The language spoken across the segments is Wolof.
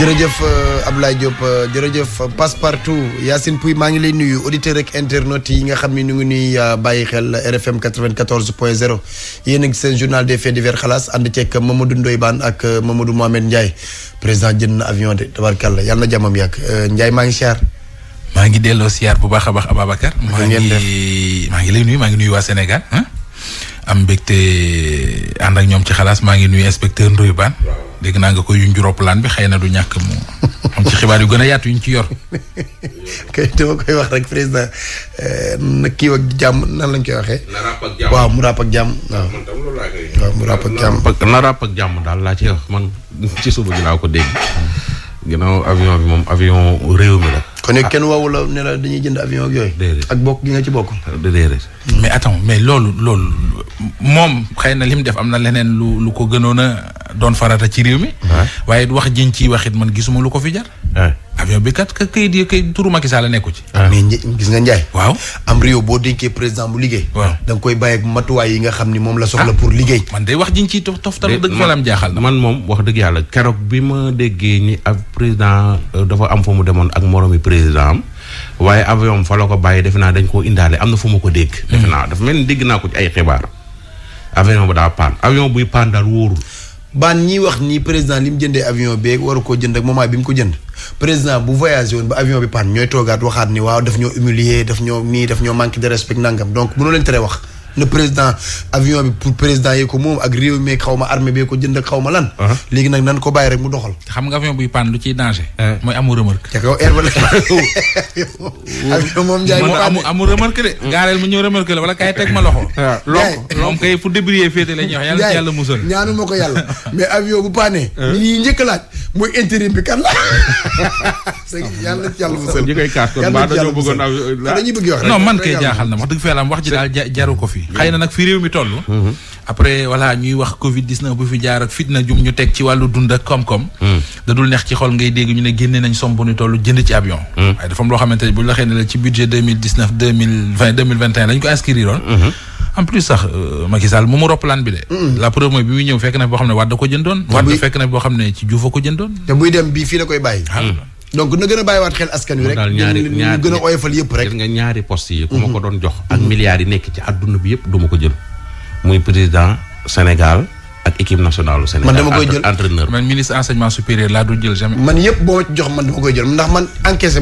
jërëjëf ab euh, Abdoulaye Diop euh, jërëjëf passe partout Yacine Pouy maa ngi lay nuyu auditeurs ak internautes yi nga xam ne ñu ngi nuy euh, bàyyi xel RFM 94 point 0 yéen a ngi seen journal des faits divers and ànd ceeg Mamadou ndoy baan ak Mamadou Mohamed Ndiaye président jënd na avion de tabarkàlla yàlla na jàmmam yàgg Ndiaye maa ngi siyaar. maa ngi delloo siyaar bu baax a baax a Ababacar. maa ngi maa ngi lay nuyu maa ngi nuyu waa Sénégal. Ah. am mbégte ànd ak ñoom ci xalaas maa ngi nuyu inspecteur Ndoye Bane. dégg naa nga ko yuñ juróopalaan bi xëy na du ñàkk mu am ci xibaar yu gën a yaatu yuñ ci yor. kay dama koy wax rek président euh, na kii ak jàmm nan lañ koy waxee. na waaw mu ràpp ak jàmm. waaw man tam loolu laa koy. waaw jàmm na ràpp ak jàmm daal laa ci wax man ci suba gi laa ko dégg. ginnaaw avion bi moom avion réew mi la. kon ah. kenn woowu la ne la dañuy jënd avion ak yooyu. ak bokk gi nga ci bokk. mais attends mais loolu loolu moom xëy na li mu def am na leneen lu lu ko gënoon a doon farata ci réew mi. waaye du wax jiñ ciy wax it man gisuma lu ko fi jar. avion bi kat ka kayit yi kay turu Macky Sall nekku ci. ni gis nga Ndiaye. waaw am réew boo denkee président bu liggéey. waa da koy bàyyi matuwaay yi nga xam ni moom la soxla ah. pour liggéey. man de wax jiñ ciy toftal dëgg fa la am jaaxal na. man moom wax dëgg yàlla keroog bi ma déggee ni ak président euh, dafa am fa mu demoon ak moromi président am. waaye avion fa la ko bàyyi defe naa dañ koo indaale am na fu ma ko dégg. Mm. defe naa dafa mel ni dégg naa ko ci ay xibaar. avion bu daa paan avion buy paan daal wóorul. baan ñiy wax nii président li mu jëndee avion beeg waru koo jënd moom moment bi mu ko jënd président bu voyage woon ba avion bi paan ñooy toogaat waxaat ni waaw daf ñoo humilier daf ñoo nii daf ñoo manqué de respect nangam donc mënoo leen tere wax. ne président avion bi pour président yi ko moom ak réew mi xaw ma armée bi ko jënd xaw ma lan. Uh-huh. léegi nag nan ko bàyyi rek mu doxal. xam nga avion buy panne lu ciy danger. Eh. mooy amul remorque. te kaw air ba la. avion moom moo amul amul remorque de. Hmm. gaareel mu ñëw remorque la wala kay teg ma loxo. waaw ah, loxo moom kay pour la ñuy wax yàlla yàlla musal. ñaanu ma ko yàlla mais avion bu paanee. Eh. nit ñi njëkk laaj mooy intérim bi kan la. yàlla yàlla musal. ñi koy kaas kon mbaa dañoo bëggoon aw. dañuy bëgg wax non man kay jaaxal na wax dëgg fa yàlla wax ji daal jaru ko fii bi xëy na nag fi réew mi toll après voilà ñuy wax covid 19 bu fi jaar ak fitna jum ñu teg ci wàllu dund ak koom-koom da neex ci xol ngay dégg ñu ne génne nañ somme bu ñu toll jënd ci avion waaye dafa am loo xamante ne bu ñu la xëy ne la ci budget 2019 2020 ko inscrire oon en plus sax euh, Macky Sall moomu roppalaan bi de. la preuve bi muy ñëw fekk na boo xam ne Wade ko jëndoon. te Wade fekk na boo xam ne ci Diouf a ko jëndoon. te buy dem bii fii la koy bàyyi. Ah. donc na gën a bàyyiwaat xel askan wi rek. ñaari ñaari gën a oyofal yëpp rek. nga ñaari poste yi. ku mhm. ko doon jox. ak milliards yi nekk ci àdduna bi yëpp du ma ko jël. muy président Sénégal ak équipe nationale du Sénégal. man dama koy jël entraîneur man ministre enseignement supérieur laa du jël jamais. man yëpp boo jox man dama ba ma ci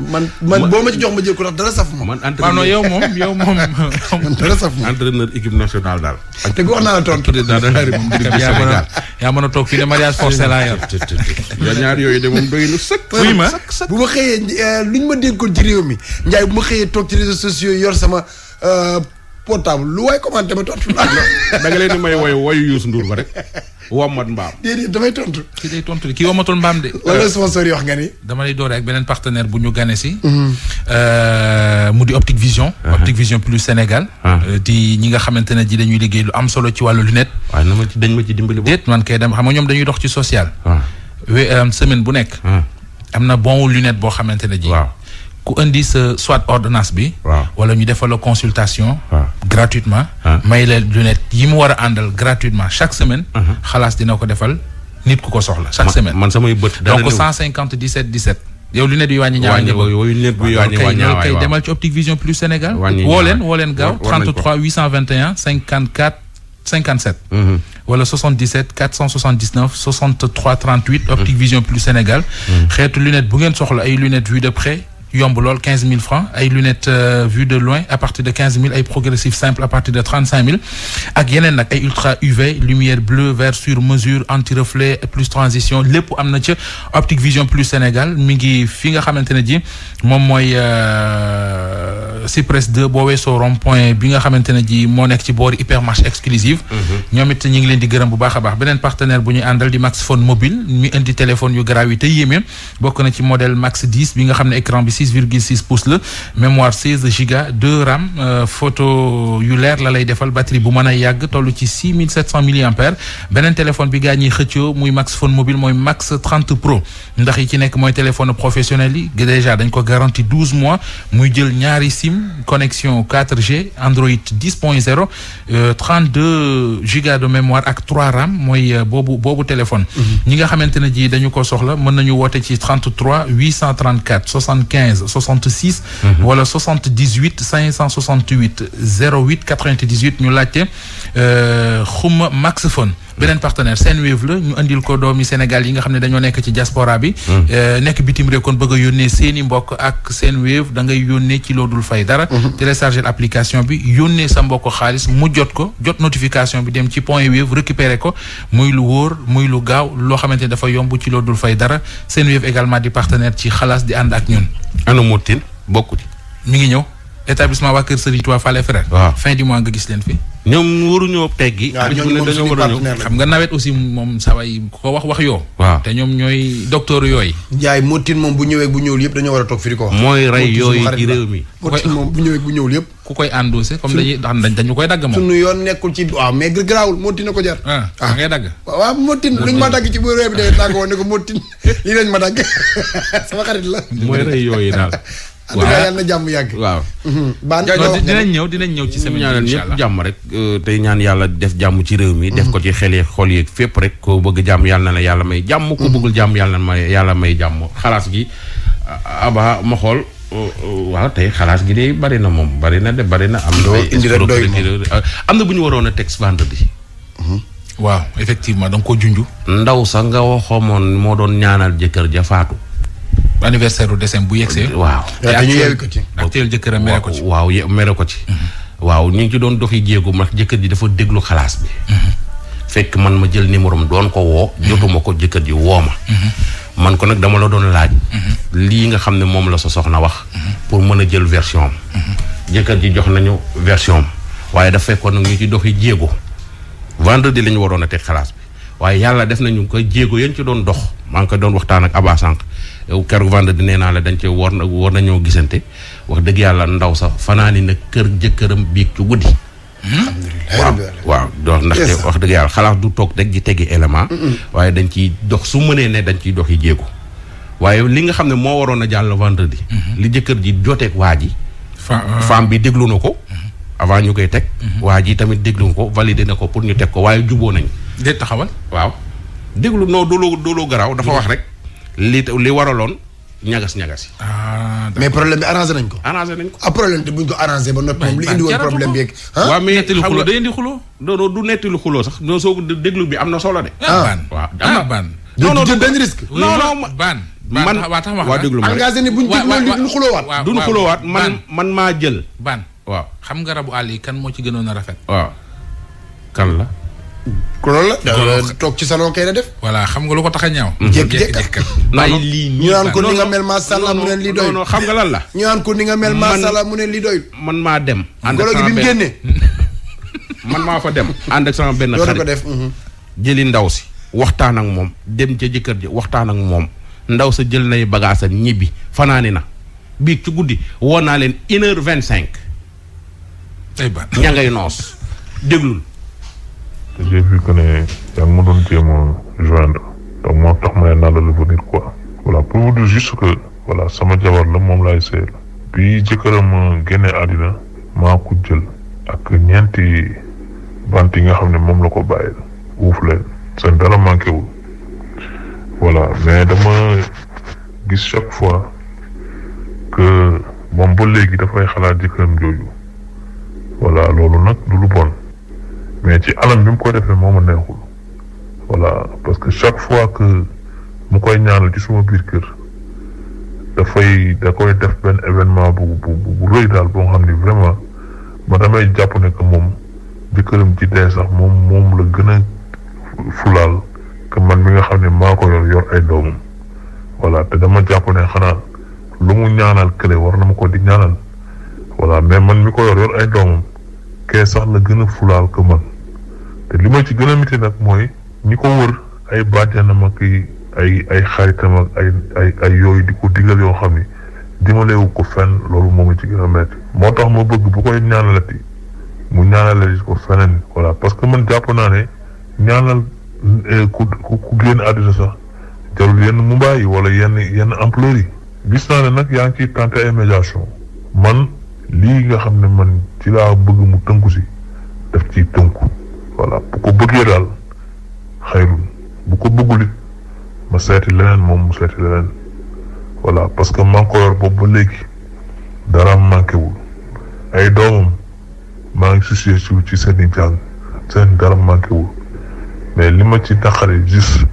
man boo ma ci jox ma jël ko dara saf ma. man entraîneur non yow moom yow moom. ma entraîneur équipe nationale daal. te wax naa la tontu de daal da nga yaa mën a toog fii de mariage forcé laa ñaar yooyu de moom doy lu sëkk. bu ma xëyee eh, luñ ma dénkoon ci mi Ndiaye bu ma xëyee toog ci réseaux sociaux yor sama euh, portable lu waay commenté ma tontu la. da nga leen di may woy woyu Youssou Ndour ba rek. wommat mbaam. déedéet damay tontu. ki day tontu ki wommatul mbaam de. wala sponsor yi wax nga ni. dama lay doore ak beneen partenaire bu ñu gane si. Mhm. Euh, mu di Optique Vision. Optique Vision plus Sénégal. Ah. Euh, di ñi nga xamante ne ji dañuy liggéey lu am solo ci wàllu lunette. waaye na ma ci dañ ma ci dimbali. déet man kay dem xam nga ñoom dañuy dox ci social. Ah. we semaine bu nekk. Ah. am na bon lunette boo xamante ne ji. waaw ku indi sa soit ordonnance bi. waaw wala ñu defal la consultation. gratuitement. Ah. may la lunette yi mu war a àndal gratuitement chaque semaine. Ah. xalaas dina ko defal nit ku ko soxla chaque semaine. donc kay demal ci Optique Vision Plus Sénégal. woo leen woo leen gaaw 33 821 54 57. wala 77 479 63 Optique mhm. Vision Plus Sénégal. Mhm. xeetu lunette bu ngeen soxla ay lunettes vue de près. yomb lool quinze mille francs ay lunettes euh, vue de loin à partir de quinze mille ay progressif simple à partir de trente cinq mille ak yeneen nag ay ultra UV lumière bleue vert sur mesure anti reflet plus transition lépp am na ca optique vision plus Sénégal mi ngi fi nga xamante ne ji moom mooy euh, Cyprès 2 boo weesoo rond bi nga xamante ne ji moo nekk ci boori hypermarché exclusive mhm. ñoom it ñu ngi leen di gërëm bu baax a baax beneen partenaire bu ñu àndal di Max Phone mobile mi indi téléphone yu te yéeme bokk na ci modèle Max nga xam ne écran six virgule la mémoire seize giga deux euh, photo yu leer la defal batterie bu mën a yàgg toll ci six mille sept cent milliampères beneen téléphone bi gaa ñiy xëccoo muy Max Phone mobile mooy Max trente Pro ndax yi ci nekk mooy téléphone professionnel yi déjà dañ ko garanti douze mois muy jël ñaari sim connexion 4G Android dix point zéro euh, trente deux giga de mémoire ak trois RAM mooy euh, boobu boobu téléphone. Mhm. ñi nga xamante ji dañu ko soxla mën nañu woote ci soixante quinze 15 66. Mhm. wala 78 568 08 98 ñu laajte xuma euh, Max Fone. beneen partenaire Senwave la ñu andil ko doomi Sénégal yi nga xam ne dañoo nekk ci diaspora bi hmm. eh, nekk bitim réew kon bëgg a yónnee seeni mbokk ak Senwave da ngay yónnee ci loo dul fay dara hmm. télécharger application bi yónnee sa mbokk xaalis mu jot ko jot notification bi dem ci point Wave récupérer ko muy lu wóor muy lu gaaw loo xamante ne dafa yomb ci loo dul fay dara seen Senwave également di partenaire ci xalaas di ànd ak ñun ana Moutine bokku ci mi ngi ñëw établissement waa Kër Serigne Touba Fallé Frère fin du mois nga gis leen ñoom waruñoo teggi. waaw ñooñu dañoo war a ñëw xam nga nawet aussi moom saa ko wax wax yoo. waaw te ñoom ñooy docteur yooyu. Ndiaye motin moom bu ñëwee bu ñëwul yëpp dañoo war a toog fii yooyu ci réew mi moom ñëwee bu ñëwul yëpp. ku koy endossé comme dañuy dañ dañu koy dagg moom. sunu yoon nekkul ci waaw mais garaawul motin na ko jar. ah, ah. da ngay dagg. waaw waaw motin luñ ma dagg ci bu réew ko motin lii lañ ma dagg sama xarit la. mooy rey yooyu daal waaw yàlla yàgg. waaw. Mhm. baan dinañ ñëw dinañ ñëw ci semaine ñaanal jàmm rek euh, tey ñaan yàlla def jàmm ci réew mi. def mhm. ko ci xel yeeg xol fépp rek. ko bëgg jàmm yàlla na la yàlla may jàmm. ko mhm. bëggul jàmm yàlla may yàlla may jàmm xalaas gi aba ma xool. Euh, euh, waaw tey xalaas gi de bari na moom bari na de bari na. am na indi rek am na bu ñu waroon a teg vendredi. waaw effectivement da ko junj. ndaw sa nga waxoon moo doon ñaanal jëkkër ja faatu. anniversaire u décembre bu yegsee. waaw te actuel actuel jëkkëram mere ko ci. waaw mere ko ci. Mhm. waaw ñu ngi ci doon doxi jéegu ma jëkkër ji dafa déglu xalaas bi. Mhm. fekk man ma jël numéro am doon ko woo. Mhm. jotuma ko jëkkër ji woo ma. man ko nag dama la doon laaj. lii nga xam ne moom la sa soxna wax. pour mën a jël version jëkkër ji jox nañu version am waaye dafa fekkoon nag ñu ci doxi jéego vendredi lañu waroon a teg xalaas bi. waaye yàlla def nañu koy jéego yéen ci doon dox maa ko doon waxtaan ak Abba Sànq keroog vendredi nee naa la dañ cee woor na war nañoo gisante wax dëgg yàlla ndaw sax fanaani nag kër jëkkëram biig ci guddi. waaw waaw dox ndaxte wax dëgg yàlla xalaat du toog rek di tegi élément waaye dañ ciy dox su mënee ne dañ ciy dox yi jéego waaye li nga xam ne moo waroon a jàll vendredi mm-hmm. li jëkkër ji joteek waa ji euh, femme bi déglu na ko avant ñu koy teg. Mhm. waa jii tamit déglu ko validé na ko pour ñu teg ko waaye juboo nañ de taxawal waaw. déglu non dooloo dooloo garaaw dafa mhm. wax rek. li li waraloon ñagas ñagas. Ah, mais problème bi arrangé nañ ko. arrangé nañ ko ah problème bi arrangé ba noppi moom li indi woon problème bi yeeg. Ah? waaw mais xam nga day indi du nettilu xuloo sax non soo déglu bi am na solo de. ah waaw ah ban. non non jël benn risque. waa tax ma wax engagé ni buñ déglu duñ xuloowaat. waaw waaw duñ xuloowaat man man maa jël. ban. waaw xam nga rabu àll yi kan moo ci gënoon a rafet. waaw kan la. loolu la toog ci saloo kay la def. voilà xam nga lu ko tax a ñaaw. Mm-hmm. jékki-jékki lii ñu naan ko ni nga mel ma sala mu ne lii doyul non nga lan la. ñu naan ko ni nga mel maa sala mu ne lii doyul. man maa dem. ànd man maa fa dem. ànd benn xarit ko def. Mhm. jëli ndaw si waxtaan ak moom dem ca jëkkër ji waxtaan ak moom ndaw sa jël nay bagaasa ñibbi fanaani na biig ci guddi woo naa leen une heure vingt cinq. ña ngay noos déglul. te j'ai ma doon jéem a joindre donc moo tax ma ne naa la revenir quoi. voilà pour vous juste que voilà sama jabar la moom laay seeyal. bi jëkkëram génne àddina maa ko jël ak ñeenti bant yi nga xam ne moom la ko bàyyil wuuf leen seen dara manqué wul mais dama gis chaque fois que moom ba léegi dafay xalaat jëkkëram jooju. voilà loolu nag du lu bon mais ci alam bi mu koy defee moo ma neexul voilà parce que chaque fois que mu koy ñaanal ci suma biir kër dafay da koy def benn événement bu bu bu rëy daal boo xam ni vraiment ma damay jàpp ne que moom jëkkëram ci dee sax moom moom la gën a fulaal que man mi nga xam ne maa ko yor yor ay doomam voilà te dama jàpp ne xanaa lu mu ñaanal kële war na ma ko di ñaanal. voilà mais man mi ko yor yor ay doomam kee sax la gën a fulaal que te li ma ci gën a miti nag mooy ñi ko wër ay bàjjanam ak ay ay xaritam ak ay ay ay yooyu di ko digal yoo xam ni dimalewu ko fenn loolu moom ci gën a metti moo tax ma bëgg bu koy ñaanalati mu ñaanalati ko feneen voilà parce que man jàpp naa ne ñaanal eh, ku ku génn àddina sax jarul yenn mumbaay yi wala yenn yenn ampleur yi gis naa ne nag yaa ngi ciy tenté ay médiation lii nga xam ne man ci laa bëgg mu tënku si def ci tënku voilà bu ko bëggee daal xayrul bu ko bëggul ma seeti leneen moom mu seeti leneen voilà parce que maa ngi boobu ba léegi dara manqué wul ay doomam maa ngi soucié ci ci seen i jàng seen dara manqué wul mais li ma ci naqari juste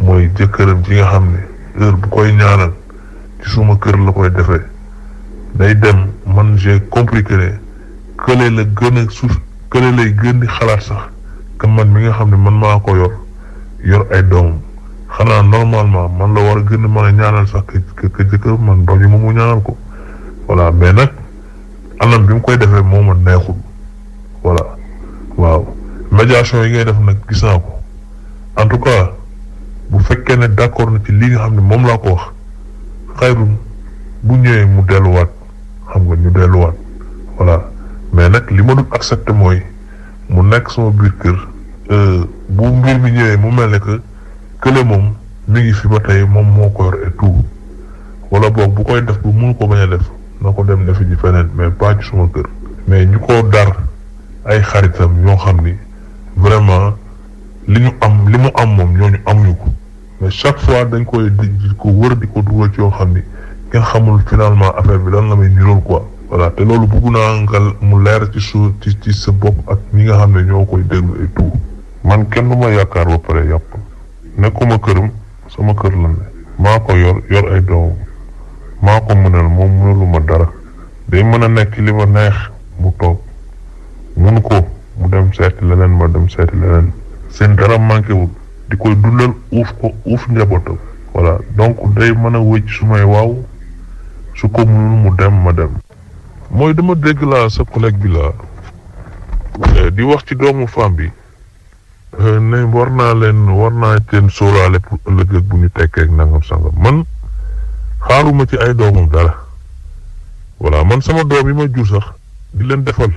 mooy jëkkëram ci nga xam ne heure bu koy ñaanal ci suma kër la koy defee. day dem man j'ai compris que ne la gën a suuf kële lay gën di xalaat sax que man mi nga xam ne man maa ko yor yor ay doomam xanaa normalement man la war a gën a ñaanal sax que que jëkkër man doom yi moom mu ñaanal ko voilà mais nag anam bi mu koy defee moo ma neexul voilà waaw médiation yi ngay def nag gis naa ko en tout cas bu fekkee ne d'accord na ci li nga xam ne moom laa ko wax xayrun bu ñëwee mu delluwaat. xam nga ñu delluwaat voilà mais nag li ma dul accepté mooy mu nekk sama biir kër euh, bu mbir mi ñëwee mu ma ne que kële moom mi ngi fi ba tey moom moo ko yor et tout wala boog bu koy def bu mënu ko bañ a def na ko dem defi ji feneen mais pas ci suma kër. mais ñu ko dar ay xaritam ñoo xam ni vraiment li ñu am li mu am moom ñooñu amuñu ko mais chaque fois dañ koy di ko wër di ko dugal ci yoo xam ni. kenn xamul finalement affaire bi lan na may nirool quoi voilà te loolu bëgg naa nga mu leer ci su ci sa bopp ak ñi nga xam ne ñoo koy déglu et tout. man kenn du ma yaakaar ba pare yàpp nekkuma këram sama kër la ko yor yor ay doom maa ko mënal ma dara day mën a nekk li neex mu toog munu ko mu dem seeti leneen ma dem seeti leneen seen dara manqué wul di koy dundal uuf ko uuf njabootam voilà donc day mën a wëcc su may waaw su ko mu dem ma dem mooy dama dégg laa sa collègue bi laa eh, di wax ci doomu femme bi eh, ne war naa leen war naa leen sóoraale pour ëllëg ak bu ñu tekkee ak nangam sangam man xaaruma ci ay doomam dara voilà man sama doom yi may jur sax di leen defal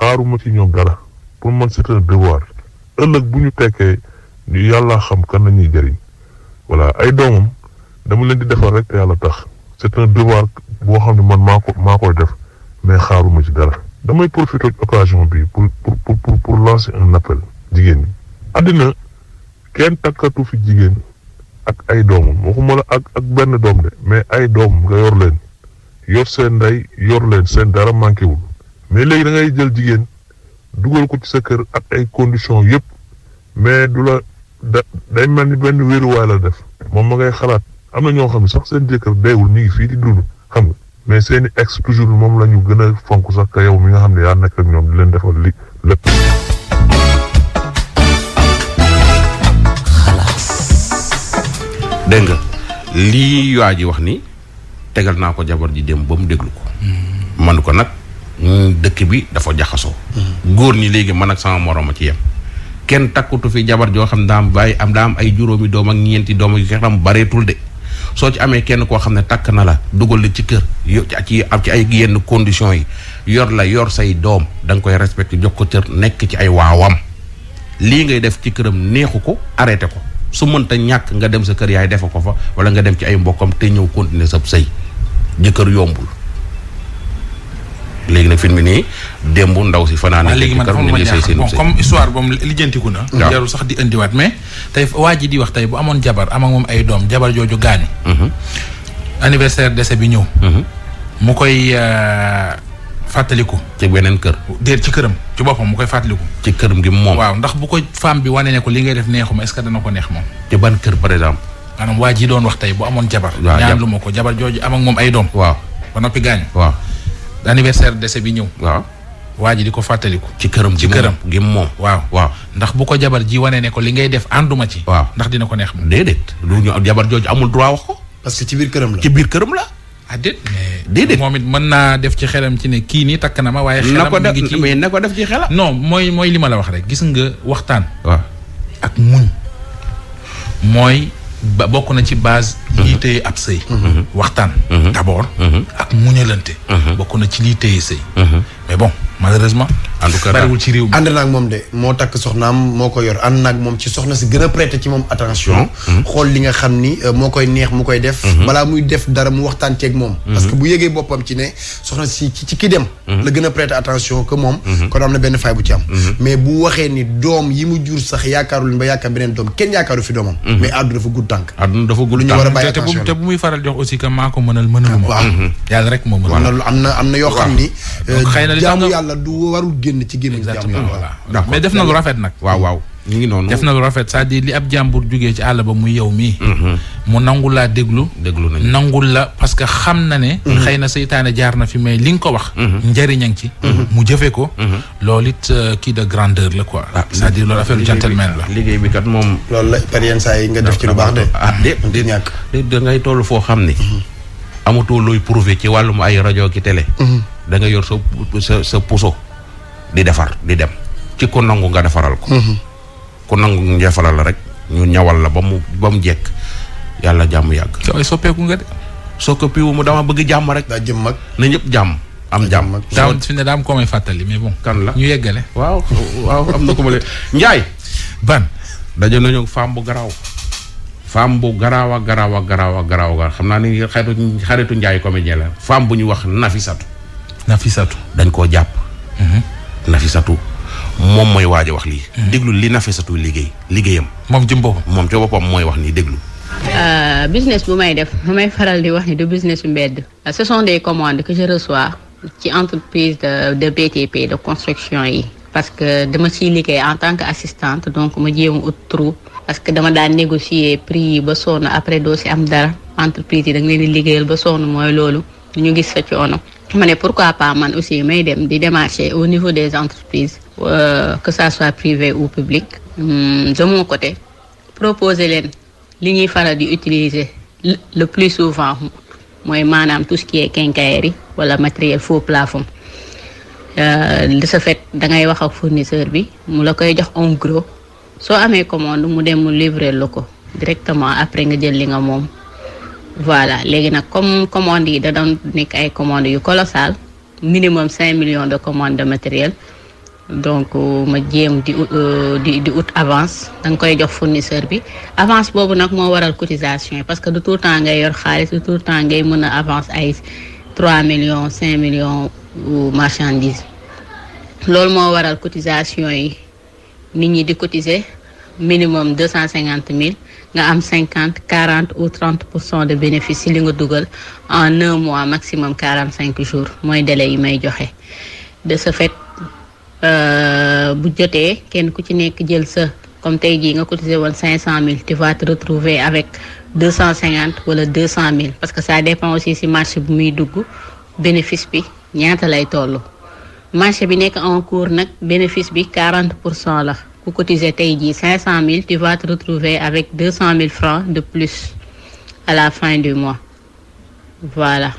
xaaruma ci ñoom dara pour man c'est un devoir ëllëg bu ñu tekkee yàlla xam kan la ñuy jëriñ ay doomam dama leen di defal rek te yàlla tax. c'est un devoir boo xam ne man maa ko maa koy def mais xaaruma ci dara damay profité occasion bi pour pour pour pour lancer un appel jigéen ñi. àddina kenn takkatu fi jigéen ak ay doomam waxuma la ak ak benn doom de mais ay doom nga yor leen yor seen ndey yor leen seen dara manqué wul mais léegi da ngay jël jigéen dugal ko ci sa kër ak ay conditions yépp mais du la da day mel ni benn wéeruwaay la def moom ma ngay xalaat. am na ñoo xam ne sax seen jëkkër deewul ñu ngi fii di dund xam nga mais seen ex toujours moom la ñu gën a fonk sax ka yow mi nga xam ne yaa nekk ak ñoom di leen defal li lépp. dégg nga lii waa ji wax ni tegal naa ko jabar ji dem ba mu déglu ko. Hmm. man ko nag mm, dëkk bi dafa jaxasoo. Hmm. góor ñi léegi man ak sama morom a ci yem. kenn takkutu fi jabar joo xam daam bàyyi am daam ay juróomi doom ak ñeenti doom ak yu xeetam bareetul de. soo ci amee kenn koo xam ne takk na la dugal la ci kër ci ci ay yenn conditions yi yor la yor say doom da nga koy respecté jox ko cër nekk ci ay waawam lii ngay def ci këram neexu ko arrêté ko su mënta ñàkk nga dem sa kër yaay defe ko fa wala nga dem ci ay mbokkam te ñëw continuer sa sëy jëkkër yombul léegi nag fi mu nii démb ndaw si fanaan waaw léegi man dafa ma jaaxal bon comme histoire boobu lijjantiku na jarul sax di indiwaat mais tey waa ji di wax tey bu amoon jabar am ak ay doom jabar jooju gaañu mhm. anniversaire décès bi ñëw mhm. mu koy euh, fàttaliku ci beneen kër ci këram ci boppam mu koy fàttaliku ci këram gi moom waaw ndax bu ko femme bi wane ne ko li ngay def neexuma est-ce ko neex moom ci ban kër par exemple maanaam waa ji doon wax tey bu amoon jabar ñaan lu ma ko jabar jooju am moom ay doom waaw ba noppi gaañu waaw anniversaire décès bi ñëw. waaw waa ji di ko fàttaliku. ci këram ci këram gi moom waaw waaw ndax bu ko jabar ji wane ne ko li ngay def ànduma ci. waaw ndax dina ko neex. déedéet lu ñu jabar jooju amul droit wax ko. parce que ci biir këram la ci biir këram la. ah déet déedéet moom it mën naa def ci xelam ci ne kii nii takk na ma waaye. xelam mu ngi ci mais na ko def ci xelam. non mooy mooy li ma la wax rek gis nga waxtaan. waaw ak muñ. mooy bokk na ci base lii mhm. téye ab sëy mhm. waxtaan mhm. d'abord ak muñalante bokk na ci lii téye sëy mais bon malheureusement en tout cas bariwul ci réew mi ànd naag moom de moo takk soxnaam moo ko yor ànd naag moom ci soxna si gën a prêter ci moom attention xool li nga xam ni euh, moo koy neex mu koy def balaa muy def dara mu waxtaan ceeg moom parce que bu yégee boppam ci ne soxna si ci ki dem la gën a prêter attention que moom kon am na benn faay bu ci am mais bu waxee ni doom yi mu jur sax yaakaaru leen ba yaakaar beneen doom kenn yaakaaru fi doomam mais àdduna dafa gudd tànk àdduna dafa gudd tànk te te bu muy faral jox aussi que maa ko mënal mënaluma. waaw yàlla rek moo mënal. am na am na yoo xam ni. xëy na li euh, jaamu yàlla du warul génn ci gémmiñ jaamu yàlla. voilà mais def na lu rafet nag. waaw waaw. ñu ngi noonu def na lu rafet sa à li ab jàmbur jógee ci àll ba muy yow mii. Mhm. mu nangu laa déglu. déglu nañu nangul la parce que xam na ne. Mhm. xëy na seytaane jaar na fi mais li nga ko wax. Mhm. njëriñ a ngi ci. mu jëfee ko. loolu it euh, kii de grandeur la quoi. Ah, c'est-à-dire loolu la. liggéey bi kat moom. loolu la par saa yi nga def ci lu baax de. ah de de toll foo xam ni. amatoo looy prouver ci wàllum ay rajo ki télé. da nga yor sa sa sa puso di defar di dem ci ko nangu nga defaral ko. ku nangu ngeefalal la rek ñu ñawal la ba mu ba mu jekk yàlla jàmm yàgg. te ay soppeeku nga de. soo ko piwu mu dama bëgg jàmm rek. daa jëm mag na ñëpp jàmm. am jàmm ak daaw fàttali mais bon. kan la ñu yeggale. waaw waaw na ko ma leen Ndiaye. ban daje nañu femme bu garaaw. femme bu garaaw a garaaw a garaaw a garaaw a xam naa ni xaritu njaay Ndiaye comédien la femme bu ñu wax Nafisatu. Nafisatu dañ koo jàpp. Mhm. Nafisatu. moom mooy waaj a wax lii. déglu li Nafissatou liggéey liggéeyam. moom jëm boppam moom ci boppam mooy wax nii déglu. Euh, business bu may def bu may faral di wax ni du business mbedd. Euh, ce sont des commandes que je reçois ci entreprise de de BTP de construction yi. parce que dama ciy liggéey en tant que assistante donc ma jéem ut trou parce que dama daan négocier prix yi ba sonn après doo si am dara entreprise yi da nga leen di liggéeyal ba sonn mooy loolu ñu gis sa coono. ma ne pourquoi pas man aussi may dem di démarcher au niveau des entreprises euh, que ça soit privé au public hmm, de mon côté proposer leen li ñuy faral di utiliser le plus souvent mooy maanaam tout ce qui est wala matériel faux plafond euh, de ce fait da ngay wax ak fournisseur bi mu la koy jox en gros soo amee commande mu dem mu livrer la ko directement après nga jël li nga moom voilà léegi nag comme commande yi da doon nekk ay commandes yu colossal minimum cinq millions de commande de matériel donc euh, ma jéem di euh, di di ut avance da nga koy jox fournisseur bi avance boobu nag moo waral cotisation yi parce que du tout temps ngay yor xaalis du tout temps ngay mën a avance ay trois millions cinq millions marchandises loolu moo waral cotisation yi nit ñi di cotisé minimum deux cent cinquante mille nga am cinquante quarante ou trente pour cent de bénéfice si li nga dugal en un mois maximum quarante cinq jours mooy délai yi may joxe de ce fait euh, bu jotee kenn ku ci nekk jël sa comme tey jii nga cotisé woon cinq cent mille tu vas te retrouver avec deux cent wala deux cent mille parce que ça dépend aussi si marché bu muy dugg bénéfice bi ñaata lay toll marché bi nekk en cours nag bénéfice bi quarante pour cent la. ku tey jii cinq cent mille tu vas te retrouver avec deux cent mille francs de plus à la fin du mois voilà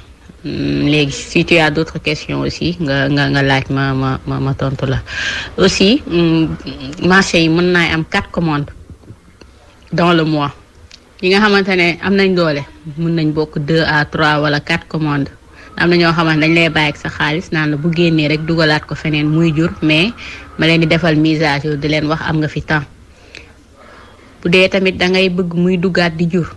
hmm, léegi si tu as d'autres questions aussi nga nga nga laaj ma ma ma ma tontu la aussi hmm, marché yi mën naa am quatre commandes dans le mois yi nga xamante ne am nañ doole mun nañ bokk deux à trois wala quatre commande am na ñoo xamante dañ lay bàyyi ak sa xaalis naan la bu génnee rek dugalaat ko feneen muy jur mais ma leen di defal mise à di leen wax am nga fi temps bu dee tamit dangay bëgg muy dugaat di jur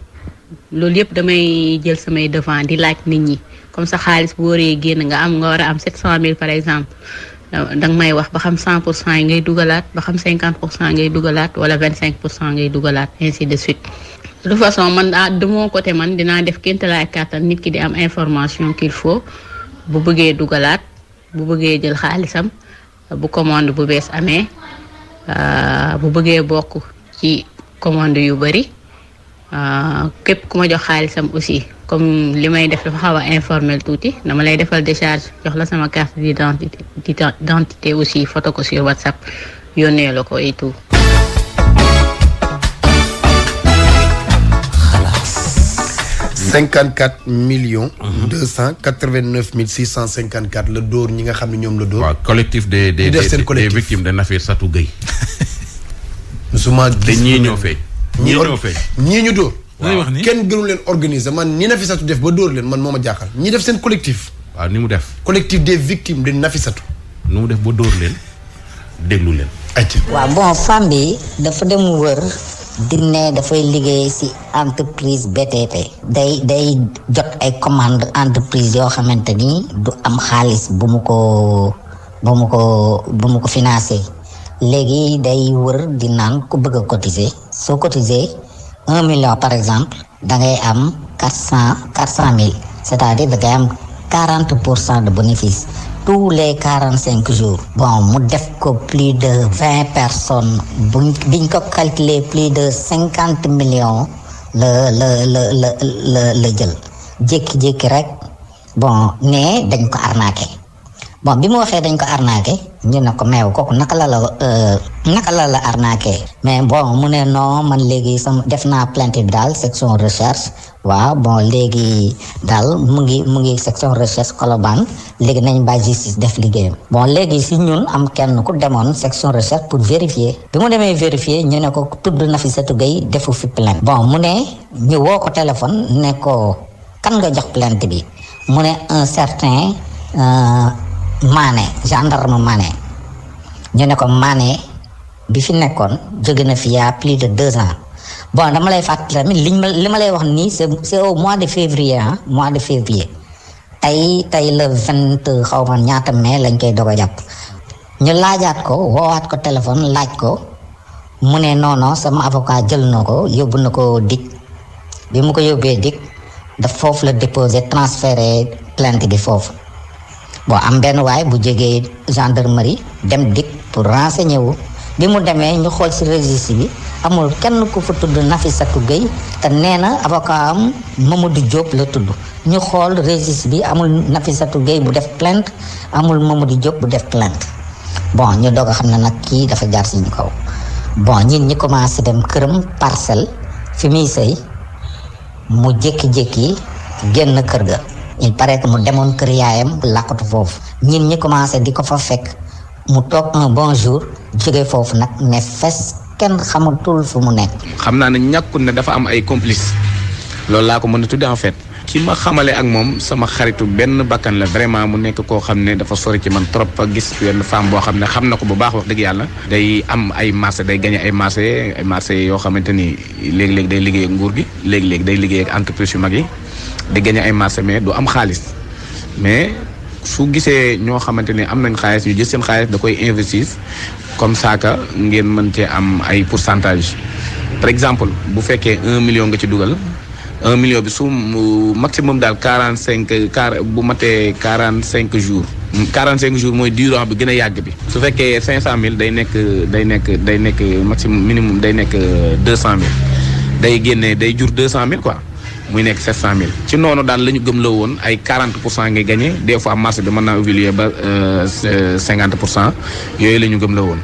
loolu yëpp damay jël samay devant di laaj nit ñi comme sa xaalis bu waree génn nga am nga war a am 700000 par exemple danga may wax ba xam 100 pour cent yi ngay dugalaat ba xam 50 pour cent ngay dugalaat wala 25 pour cent ngay dugalaat ainsi de suite. de façon man ah de côté man dinaa def kéemtalaay kàttan nit ki di am information qu'il faut bu bëggee dugalaat bu bëggee jël xaalisam bu commande bu bees amee ah, bu bëggee bokk ci commande yu bëri ah, képp ku ma jox xaalisam aussi comme li may def dafa xaw a informel tuuti dama lay defal décharge jox la sama carte d'identité d'identité aussi photo ko sur WhatsApp yónnee la ko et tout. 54 millions. 289 mhm. mille 654 la dóor ñi nga xam ne ñoom la dóor. waaw collectif des des des victimes de Nafir Satou Gueye. musuma gis. ñii ñoo fay. ñii ñoo fay ñii ñu dóor. wax ni kenn gënu leen organiser man ni Nafisatu def ba dóor leen man moo ma jaaxal ñi def seen collectif. waaw ni mu def. collectif des victimes de Nafisatu. ni mu def ba dóor leen déglu leen. ayca waaw bon femme dafa dem wër. dim dafay liggéey si entreprise BTP day day jot ay commande entreprise yoo xamante ni du am xaalis bu mu ko bu ko bu mu ko financé léegi day wër di naan ku bëgg a cotiser soo cotiser un million par exemple da ngay am quatre cent quatre cent mille c'est-à-dire da ngay am quarante pour cent de bénéfice tous les quarante cinq jours bon mu def ko plus de vingt personnes buñ biñ ko calculer plus de cinquante millions la la la la la jël jékki-jékki rek bon ne dañ ko arnaqué bon bi mu waxee dañ ko arnaqué ñu ne ko meew kooku naka la la euh, naka la la arnaqué mais bon mu ne non man léegi sama def naa plainte bi daal section recherche waaw bon léegi daal mu ngi mu ngi section recherche Colobane léegi nañ bàyyi justice def liggéeyam bon léegi si ñun am kenn ku demoon section recherche pour vérifier bi mu demee vérifier ñu ne ko tudd Nafissatou Gueye defu fi plainte bon mu ne ñu woo ko téléphone ne ko kan nga jox plainte bi mu ne un euh, Mané gendarme Mané ñu ne ko Mané bi fi nekkoon jóge na fi y'a plus de deux ans bon dama lay fàttali tamit liñ ma li ma lay wax nii c'est c'est mois de février ah mois de février tey tey le vingt xaw ma ñaata mai lañ koy doog a laajaat ko woowaat ko téléphone laaj ko mu ne non non sama avocat jël na ko yóbbu na ko dik bi mu ko yóbbee dik daf foofu la déposé transféré plainte bi foofu. boo am benn waay bu jegee gendarmerie dem dik pour renseigner wu bi mu demee ñu xool ci registre bi amul kenn ku fa tudd Nafissatou Gueye te nee na avocat am Mamadou Diop la tudd ñu xool registre bi amul Nafissatou Gueye bu def plainte amul Mamadou Diop bu def plainte bon ñu doog a xam ne nag kii dafa jaar ci ñu kaw bon ñin ñi commencé dem këram parcelle fi muy sëy mu jékki-jékki génn kër ga il paraît que mu demoon kër yaayam làkkatu foofu ñin ñi commencé di ko fa fekk mu toog un bon jour foofu nag ne fes kenn xamatul fu mu nekk. xam naa ne ñàkkul ne dafa am ay complice loolu laa ko mën a tuddee en fait. ki ma xamale ak moom sama xaritu benn bakkan la vraiment mu nekk koo xam ne dafa sori ci man trop a gis benn femme boo xam ne xam na ko bu baax wax dëgg yàlla. day am ay marché day gagné ay marché ay yoo xamante ni léeg-léeg day liggéey nguur gi léeg-léeg day liggéey ak entreprise yu mag yi. di gagné ay marché mais du am xaalis mais su gisee ñoo xamante ne am nañ xaalis ñu jël seen xaalis da koy investir comme ça ngeen mën cee am ay pourcentage par exemple bu fekkee un million nga ci dugal un million bi su maximum daal quarante cinq bu matee quarante cinq jours. quarante cinq jours mooy durée bi gën a yàgg bi. su fekkee cinq cent mille day nekk day nekk day nekk maximum minimum day nekk deux cent mille day génnee day jur deux cent mille quoi. muy nekk 700000 ci noonu daal lañu ñu gëm la woon ay 40 pour cent ngay gagné des fois marché bi mën naa évoluer ba euh, pour cent yooyu la ñu gëm la woon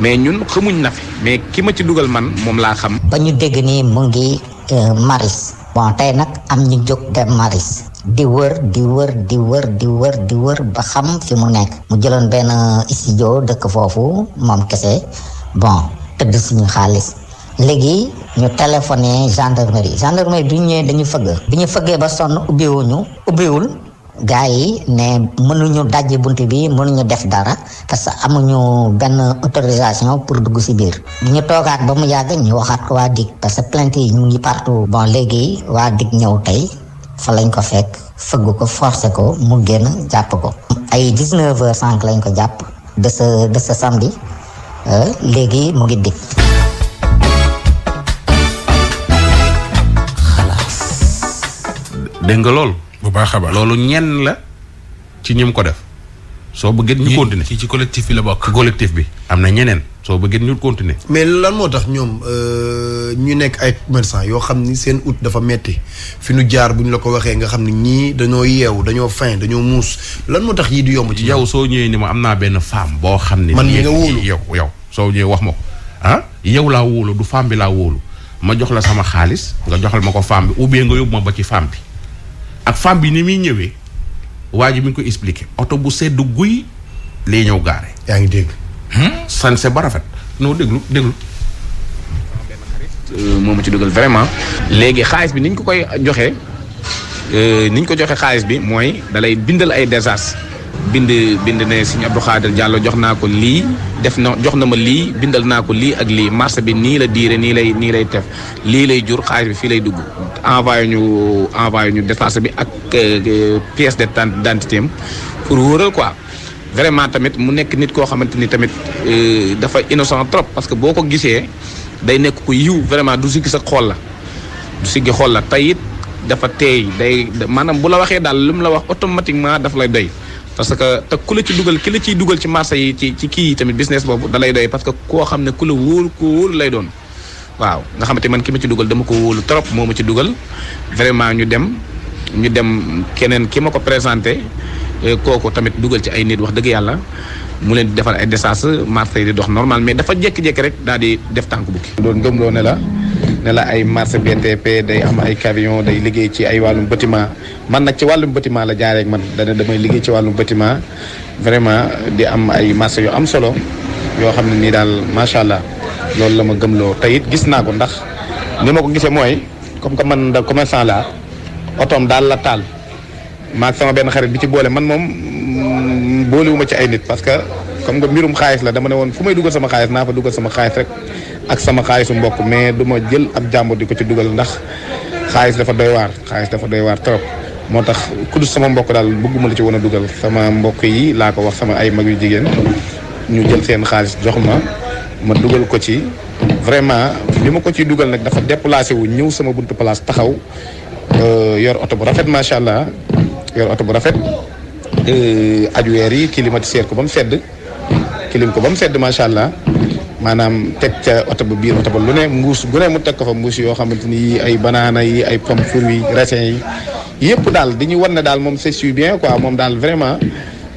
mais ñun xamuñ na mais ki ma ci dugal man moom laa xam. ba ñu dégg nii mu ngi euh, maris. bon tey nag am ñu jóg dem maris. di wër di wër di wër di wër di wër ba xam fi mu nekk. mu jëloon benn studio dëkk foofu moom kese bon tëdd suñu xaalis. léegi ñu téléphoné gendarmerie gendarmerie bi ñëwee dañu fëgg bi ñu fëggee ba sonn ubbiwuñu ubbiwul gaa yi ne mënuñu dajj bunt bi mënuñu def dara parce que amuñu gan autorisation pour dugg ci biir ñu toogaat ba mu yàgg ñu waxaat ko waa dig parce que plainte yi ñu ngi partout bon léegi waa dig ñëw tey fa lañ ko fekk fëgg ko forcé ko mu génn jàpp ko ay 19 heures sànq lañ ko jàpp de ce de ce samedi euh, léegi mu ngi dig dégg nga loolu. bu baax a baax loolu ñenn la ci ñim ko def. soo bëggee ñu continuer ci ci collectif bi la bokk. collectif bi am na ñeneen soo bëggee ñu continuer. mais lan moo tax ñoom euh, ñu nekk ay commerçant yoo xam ni seen ut dafa metti fi ñu jaar bu ñu la ko waxee nga xam ni ñii dañoo yeew dañoo fin dañoo muus lan moo tax yii di yomb ci. yow soo ñëwee ni ma am naa benn femme boo xam ni man mi nga wóolu yow yow soo ñëwee wax ma ko ah yow laa wóolu du femme bi laa wóolu ma jox la sama xaalis nga joxal ma ko femme bi ou nga yóbbu ma ba ci femme bi. ak femme bi ni muy ñëwee waa ji mi ngi ko expliqué oto bu sedd guy lay ñëw gaare. yaa ngi dégg. Hmm? sanse ba rafet noo déglu déglu. Euh, moo ma ci dugal vraiment. léegi xaalis bi niñ ko koy joxe joxee euh, niñ ko joxe xaalis bi mooy dalay bindal ay désastres. bind bind ne sëñ Abdou Khadir jox naa ko lii def na jox na ma lii bindal naa ko lii ak lii marché bi nii la diire nii lay nii lay tef lii lay jur xaalis bi fii lay dugg envoyé ñu envoyé ñu dépense bi ak euh, euh, pièce d'identité am pour wóoral quoi vraiment tamit mu nekk nit koo xamante ni tamit euh, dafa innocent trop parce que boo ko gisee day nekk ko yiw vraiment du siggi sa xool la du siggi xool la tey it dafa teey day maanaam bu la waxee daal lu mu la wax automatiquement daf lay doy parce que te ku la ci dugal ki la ciy dugal ci marché yi ci ci kii yi tamit business boobu da lay parce que koo xam ne ku la wóolu ko wóolu lay doon waaw nga xamante man ki ma ci dugal dama ko wóolu trop moom a ci dugal vraiment ñu dem ñu dem keneen ki ma ko présenté euh, kooku tamit dugal ci ay nit wax dëgg yàlla mu leen di defal ay décharge marché yi di dox normal mais dafa jékki-jékki rek daal di def tànk bukki doon ne la ay marché BTP day am ay camion day liggéey ci ay wàllum bâtiment man nag ci wàllum bâtiment la jaaree man dana damay liggéey ci wàllum bâtiment vraiment di am ay marché yu am solo yoo xam ne nii daal macha allah loolu la ma gëmloo te it gis naa ko ndax ni ma ko gisee mooy comme que man da commerçant la otoom daal la taal maag sama benn xarit bi ci boole man moom mm, boolewuma ci ay nit parce que comme nga mbirum xaalis la dama ne woon fu may dugal sama xaalis naa fa dugal sama xaalis rek ak sama xaalisu mbokk mais du ma jël ab jàmbur di ko ci dugal ndax xaalis dafa doy waar xaalis dafa doy waar trop. moo tax ku sama mbokk daal bëgguma la ci woon a dugal sama mbokk yi laa ko wax sama ay mag yu jigéen ñu jël seen xaalis jox ma ma dugal ko ci vraiment li ma ko ciy dugal nag dafa déplacé wu ñëw sama buntu place taxaw euh, yor oto bu rafet macha allah yor oto bu rafet euh, aju weer yi climatiseur ko ba mu sedd clim ko ba mu sedd macha allah. maanaam teg ca oto ba biir oto ba lu ne mbuus gu ne mu teg ko fa mbuus yoo xamante ni ay banaana yi ay pomme fruits yi yi yëpp daal di ñu wan ne daal moom c'est bien quoi moom daal vraiment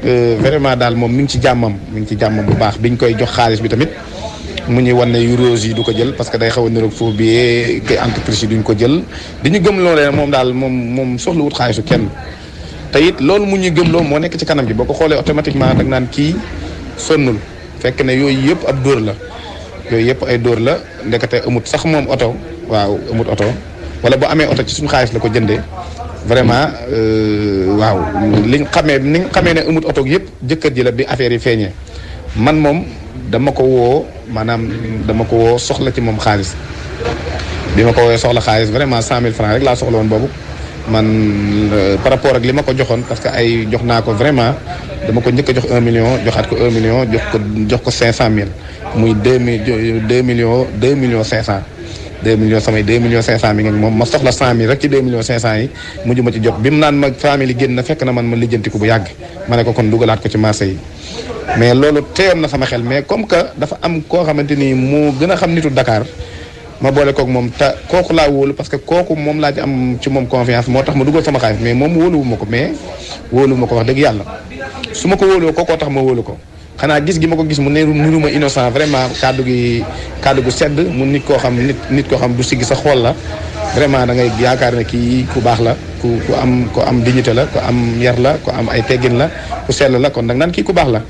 euh, vraiment daal moom mi ngi ci jàmmam mi ngi ci jàmmam bu baax biñ koy jox xaalis bi tamit mu ñuy wan ne yu yi du ko jël parce que day xaw a niroog foofu bi kay entreprise yi ko jël di ñu gëm moom daal moom moom soxla wut xaalisu kenn te it loolu mu ñuy gëmloo moo nekk ci kanam bi boo ko xoolee automatiquement dag naan kii sonnul fekk ne yooyu yëpp ab dóor la yooyu yëpp ay dóor la ndekete amut sax moom oto waaw amut oto wala bu amee oto ci suñ xaalis la ko jëndee vraiment euh, waaw liñ xamee ni nga xamee ne amut oto yëpp jëkkër ji la bi affaire yi feeñee man moom dama ko woo maanaam dama ko woo soxla ci moom xaalis bi ma ko woowee soxla xaalis vraiment cent mille francs rek laa soxla woon boobu man euh, par rapport ak li ma ko joxoon parce que ay jox naa ko vraiment dama ko njëkk a jox un million joxaat ko un million jox ko jox ko cinq cent mille muy deux mille deux millions cinq cent deux moom ma soxla cent mille rek ci deux millions cinq cent yi mujj ma ci jot bi mu naan ma famille génn na fekk na man ma lijjanti bu yàgg ma ne ko kon dugalaat ko ci marché yi mais loolu teyoon na sama xel mais comme que dafa am koo xamante ni moo gën a xam nitu dakaar ma boole kook moom te kooku laa wóolu parce que kooku moom laa am ci moom confiance moo tax ma dugal sama xaalis mais moom wóoluwu ma ko mais wóoluwu ma ko wax dëgg yàlla su ma ko wóoloo kookoo tax ma wóolu ko xanaa gis gi ma ko gis mu ne niru ma innocent vraiment kàddu gi kàddu gu sedd mu nit koo xam nit nit koo xam du siggi sa xool la vraiment da ngay yaakaar ne kii ku baax la ku ku am ku am dignité la ku am yar la ku am ay teggin la ku sell la kon nag naan kii ku baax la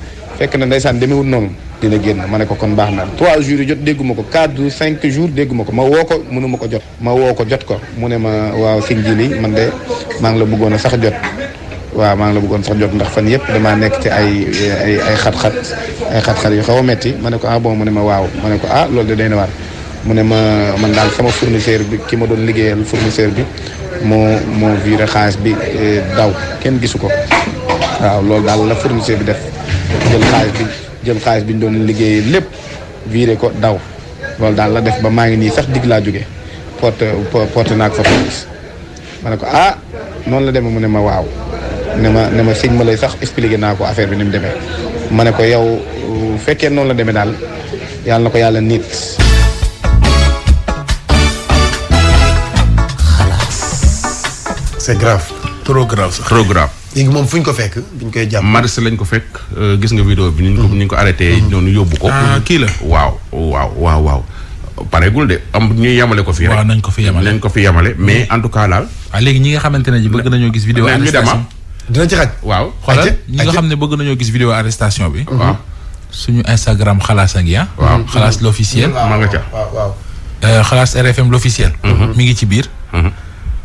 fekk na ndeysaan demewul noonu dina génn ma ne ko kon baax na trois jours yi jot dégguma ko quatre cinq jours dégguma ko ma woo ko mënuma ko jot ma woo ko jot ko mu ne ma waaw sëñ ji li man de maa ngi la bëggoon a sax jot waaw maa ngi la bëggoon sax jot ndax fan yëpp damaa nekk ci ay ay ay xat-xat ay xat yu xaw a metti ma ne ko ah bon mu ne ma waaw ma ne ko ah loolu de day na mu ne ma man daal sama fournisseur bi ki ma doon liggéeyal fournisseur bi moo moo viré xaalis bi eh, daw kenn gisu ko waaw loolu daal la fournisseur bi def jël xaalis biñ jël xaalis bi doon liggéey lépp viré ko daw loolu daal la def ba maa ngi nii sax digg laa jóge porte porte naag fa police ma ne ko ah noonu la demee mu ne ma waaw ne ma ne ma sëñ ma lay sax expliqué naa ko affaire bi ni mu demee ma ne ko yow fekkee noonu la demee daal yàlla na ko yàlla nit c'est grave trop léegi moom fu ñu ko fekk bi ñu koy jàpp. mars lañ ko fekk euh, gis nga vidéo bi. ni ñu ko mm-hmm. ni ñu mm-hmm. noonu yóbbu ko. Ah, kii la waaw waaw waaw waaw. pareegul de am ñu yemale ko fi rek. nañ ko fi yemale nañ ko yemale mm-hmm. mais en tout cas laal waaw ah, léegi ñi nga xamante ne bëgg nañoo gis. vidéo ah. arrestation dina ci xaj. waaw xoolal ñi nga xam ne bëgg nañoo gis vidéo arrestation bi. waaw suñu Instagram xalaas a ngi ah. waaw xalaas l'officiel. maa nga ca waaw euh, xalaas RFM l'officiel. mi ngi ci biir.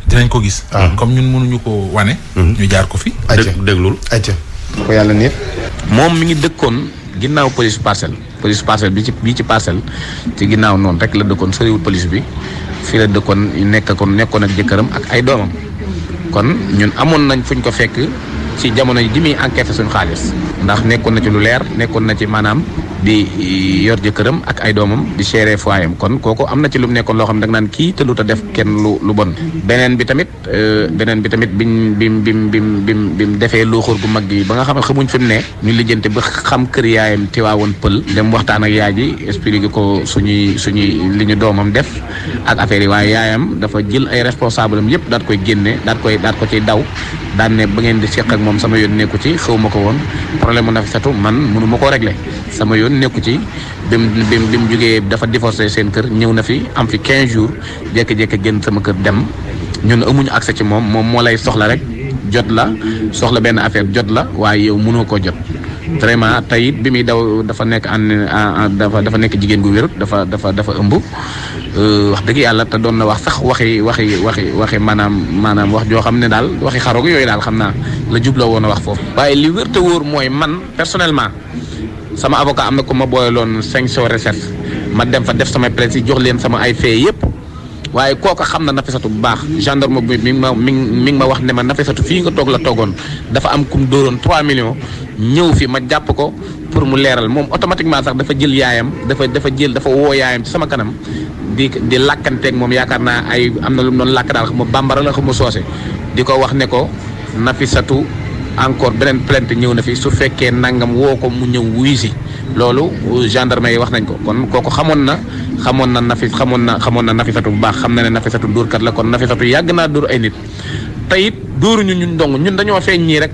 dinañ ko gis. Ah. comme ñun mënuñu ko wane. Mm-hmm. ñu jaar ko fi. ayca déglul ayca. ko yàlla nit. moom mi ngi dëkkoon ginnaaw police parcelle. police bi ci bii ci parcelle ci ginnaaw noonu rek la dëkkoon soriwul police bi fii la dëkkoon nekk kon nekkoon ak jëkkëram ak ay doomam kon ñun amoon nañ fuñ ko fekk ci jamono yi di muy enquête suñu xaalis. ndax nekkoon na ci lu leer nekkoon na ci maanaam di yor jëkkëram ak ay doomam di gérer foyer kon kooku am na ci lu mu nekkoon loo xam ne da nga naan kii te lu ta def kenn lu lu bon. beneen bi tamit euh, beneen bi mu biñ bim bim bim bim bim defee luuxur gu mag gi ba nga xam ne xamuñ fi ne ñu lijjante ba xam kër yaayam waa tiwaawoon pël dem waxtaan ak yaay ji expliqué ko suñuy suñuy li doomam def ak affaire yi waaye yaayam dafa jël ay responsable am yëpp daat koy génne daat koy daat ko ciy daw daan ne ba ngeen di seq moom sama yoon nekku ci xaw ma ko woon problème mu Nafisatu man mënu ma koo réglé sama yoon nekku ci bi mu bi mu bi dafa divorcé seen kër ñëw na fi am fi 15 jours jékki-jékki génn sama kër dem ñun amuñu accès ci moom moom moo lay soxla rek jot la soxla benn affaire jot la waaye yow munoo koo jot. vraiment tey it bi muy daw dafa nekk en dafa dafa nekk jigéen gu wérut dafa dafa dafa ëmb euh, wax dëgg yàlla ta doon na wax sax waxi waxi waxi waxi maanaam maanaam wax joo xam ne daal waxi xaroog yooyu daal xam naa la jubloo woon a wax foofu. waaye li wér wóor mooy man personnellement. sama avocat am na ko ma loon booyaloon section recherche ma dem fa def samay plainte jox leen sama ay fee yëpp waaye kooku xam na nafisatu bu baax gendarme bi mi ngi ma mi ngi ma wax ne ma nafisatu fii nga toog la toogoon dafa am kum dóoroon 3 millions ñëw fi ma jàpp ko pour mu leeral moom automatiquement sax dafa jël yaayam dafa dafa jël dafa woo yaayam ci sama kanam di di lakkanteeg moom yaakaar naa ay am na lu mu lakk daal xam ma bambara la xam ma soose di ko wax ne ko nafisatu encore beneen plainte ñëw na fi su fekkee nangam woo ko mu ñëw wuyu si loolu gendarme yi wax nañ ko kon kooku xamoon na xamoon na nafi xamoon na xamoon na nafisatu bu baax xam na ne nafisatu dóorkat la kon nafisatu yàgg naa dóor ay nit teyit dóoruñu ñun dong ñun dañoo feeñ ñii rek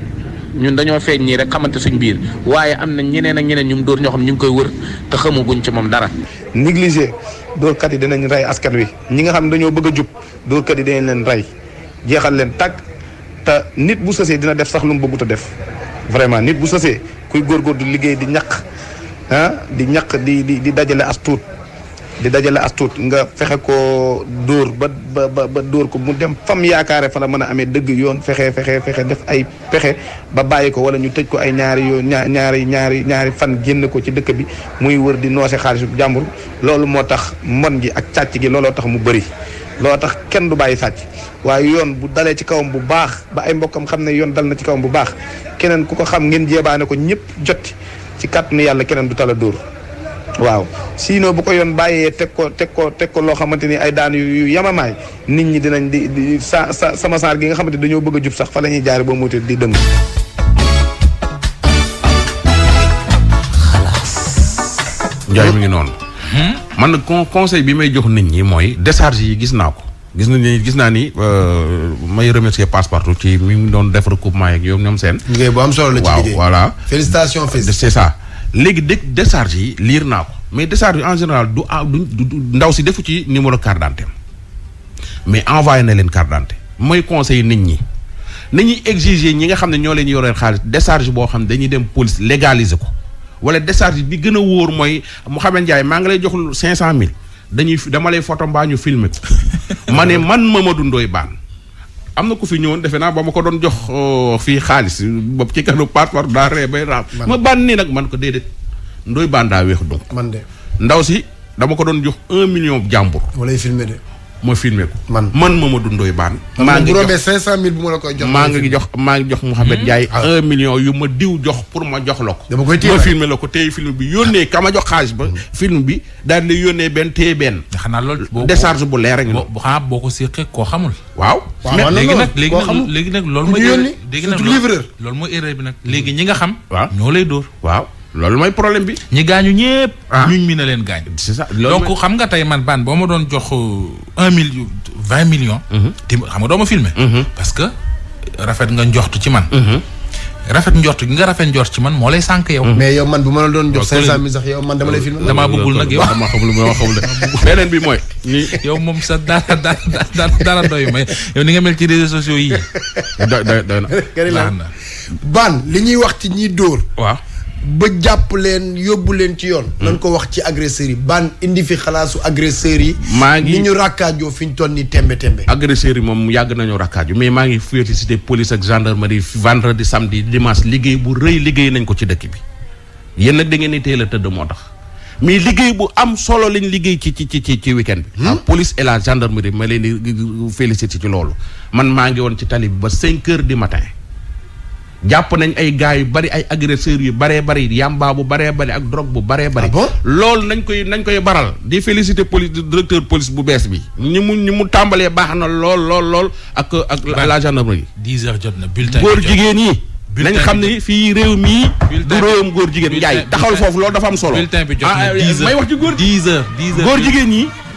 ñun dañoo feeñ ñii rek xamante suñ biir waaye am na ñeneen ak ñeneen ñu mu dóor ñoo xam ñu ngi koy wër te xamaguñ ci moom dara. négligé dóorkat yi danañ rey askan wi ñi nga xam dañoo bëgg a jub dóorkat yi danañ leen rey jeexal leen takk te nit bu sësee dina def sax lu mu bëggut a def vraiment nit bu sësee kuy góorgóor du liggéey di ñaq ah di ñaq di di di dajale as tuut di dajale as tuut nga fexe ko dóor ba ba ba dóor ko mu dem fam yaakaare fa la mën a amee dëgg yoon fexe fexe fexe def ay pexe ba bàyyi ko wala ñu tëj ko ay ñaari yoon ñaari ñaari ñaari fan génn ko ci dëkk bi muy wër di noose xaalis bu jàmbur loolu moo tax mbon gi ak càcc gi looloo tax mu bëri looloo tax kenn du bàyyi sàcc waaye yoon bu dalee ci kawam bu baax ba ay mbokkam xam ne yoon dal na ci kawam bu baax keneen ku ko xam ngeen jeebaane ko ñëpp jot ci kàttanu yàlla keneen du tala dóor waaw sinon bu ko yoon bàyyee teg ko teg ko teg ko loo xamante ni ay daan yu yamamaay nit ñi dinañ di sa sa sama saar gi nga xamante dañoo bëgg a jub sax fa la ñuy jaare boo moytuwul di dëng. xalaas. Njaay mi ngi noonu. Hmm? man nag conseil bi may jox nit ñi mooy décharge yi gis naa ko. gis nañ ni gis naa ni euh, may remercier Passepartout ci mi mu doon def recoupement yeeg yow ñoom seen. liggéey bu am solo la ci liggéey waaw voilà. félicitations félicitations c'est ça. léegi dé décharge yi liir naa ko mais décharge yi en général du ah, du ndaw si defu ci numéro carte d'identité mais envoyé na leen carte d'identité mooy conseil nit ñi nañuy exiger ñi nga xam ne ñoo leen yoreel xaalis décharge boo xam ne dañuy dem police légalisé ko wala décharge bi gën a wóor mooy Mouhamed Ndiaye maa ngi lay jox 500000 dañuy dama lay mbaa ñu filmer ma ne man Mamadou Ndoye Bane am na ku fi ñëwoon defe naa ba ma ko doon jox oh, fii xaalis bopp ci kanu passeport daa ree bay raam ma baan nii nag man ko de ndoy Bane daa weexu donc man de ndaw si dama ko doon jox un million jàmbur. wala filmé ma filmé ko. man man Mamadou Ndoye Bane. maa ngi jox bu cinq cent mille bu ma la koy jox. maa ngi jox maa ngi jox Mouhamed hmm? Ndiaye. Ah. un million yu ma diw jox pour ma jox la ko. dama koy ma filmé la ko téye film bi yónnee ka ma jox xaalis ba. Hmm. film bi daal di yónnee benn téye benn. xanaa loolu décharge bu leer rek. boo xanaa boo ko séqee koo xamul. waaw waaw léegi nag léegi nag loolu mooy. léegi nag loolu mooy erreur bi nag. léegi ñi nga xam. waaw hmm. ñoo lay dóor waaw loolu mooy problème bi. ñi gaañu ñu ah. ñuñ mi na leen gaañ. c'est xam nga tey man ban boo ma doon jox euh, un million vingt millions. di mm-hmm. xam nga doo ma filmer. Mm-hmm. parce que rafet nga njoxtu ci man. Mm-hmm. rafet njort gi nga rafet njort ci man moo lay sànq yow. mais yow man bu ma la doon jox 500000 sax yow man dama lay filmé. damaa bëggul nag yow bi mooy. yow moom sa dara dara dara doy ma yow ni nga mel ci réseaux sociaux yi. da da da na. li ñuy wax ci ñiy dóor. waaw. ba jàpp leen yóbbu leen ci yoon. Hmm. nañ ko wax ci agresseurs yi ban indi fi xalaasu agresseurs yi. maa ngi ni ñu rakkaajoo fi ñu toll nii tembe tembe. agresseurs yi moom yàgg nañu rakkaaju mais maa ngi fuyati cité police ak gendarmerie vendredi samedi dimanche liggéey bu rëy liggéey nañ ko ci dëkk bi yéen nag da ngeen ni teel a tëdd moo tax. mais liggéey bu am solo lañ liggéey ci ci ci ci ci bi. Hmm? la police et la gendarmerie ma leen di félicité ci loolu. man maa ngi woon ci tali bi ba cinq heures du matin. jàpp nañ ay gars yu bari ay agresseurs yu baree bari yamba bu baree bari ak drogue bu baree bari ah lool nañ koy nañ koy baral di féliciter police directeur police bu bees bi ñi mu ñi mu tàmbalee baax na lool lool lool ak ak la gendarmerie dix heures jot na bulletin góor jigéen yi nañ xam ne fii réew mii du réewam góor jigéen njaay taxawal foofu lool dafa am solo ah, may wax ci góor góor jigéen yi